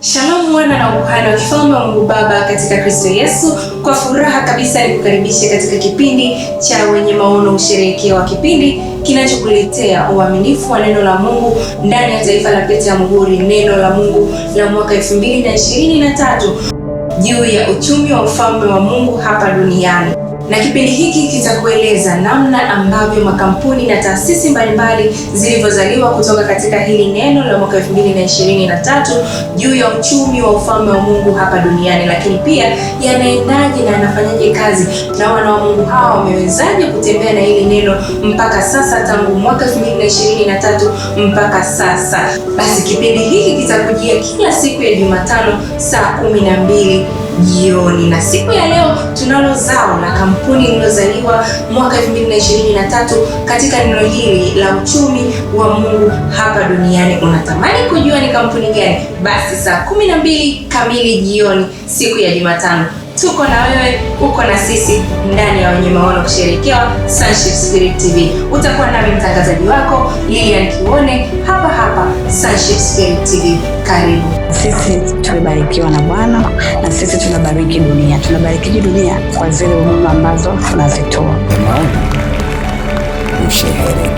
Shalom wana na ukuhani wa kifalme wa Mungu Baba katika Kristo Yesu. Kwa furaha kabisa nikukaribisha katika kipindi cha Wenye Maono, usherehekeo wa kipindi kinachokuletea uaminifu wa neno la Mungu ndani ya taifa la pete ya muhuri, neno la Mungu la mwaka 2023 juu ya uchumi wa ufalme wa Mungu hapa duniani na kipindi hiki kitakueleza namna ambavyo makampuni na taasisi mbalimbali zilivyozaliwa kutoka katika hili neno la mwaka 2023 juu ya uchumi wa ufalme wa Mungu hapa duniani, lakini pia yanaendaje na yanafanyaje kazi na wana wa Mungu hawa wamewezaje kutembea na hili neno mpaka sasa, tangu mwaka 2023 mpaka sasa. Basi kipindi hiki kitakujia kila siku ya Jumatano saa 12 jioni na siku ya leo tunalo zao la kampuni lililozaliwa mwaka 2023 katika neno hili la uchumi wa Mungu hapa duniani. Unatamani kujua ni kampuni gani? Basi saa 12 kamili jioni siku ya Jumatano tuko na wewe, uko na sisi ndani ya wenye maono kusherekewa Sonship Spirit TV. Utakuwa nami mtangazaji wako Lilian Kione hapa Sonship Spirit TV. Karibu. Sisi tumebarikiwa na Bwana na sisi tunabariki dunia, tunabariki dunia kwa zile huduma ambazo tunazitoa. Amani ushehere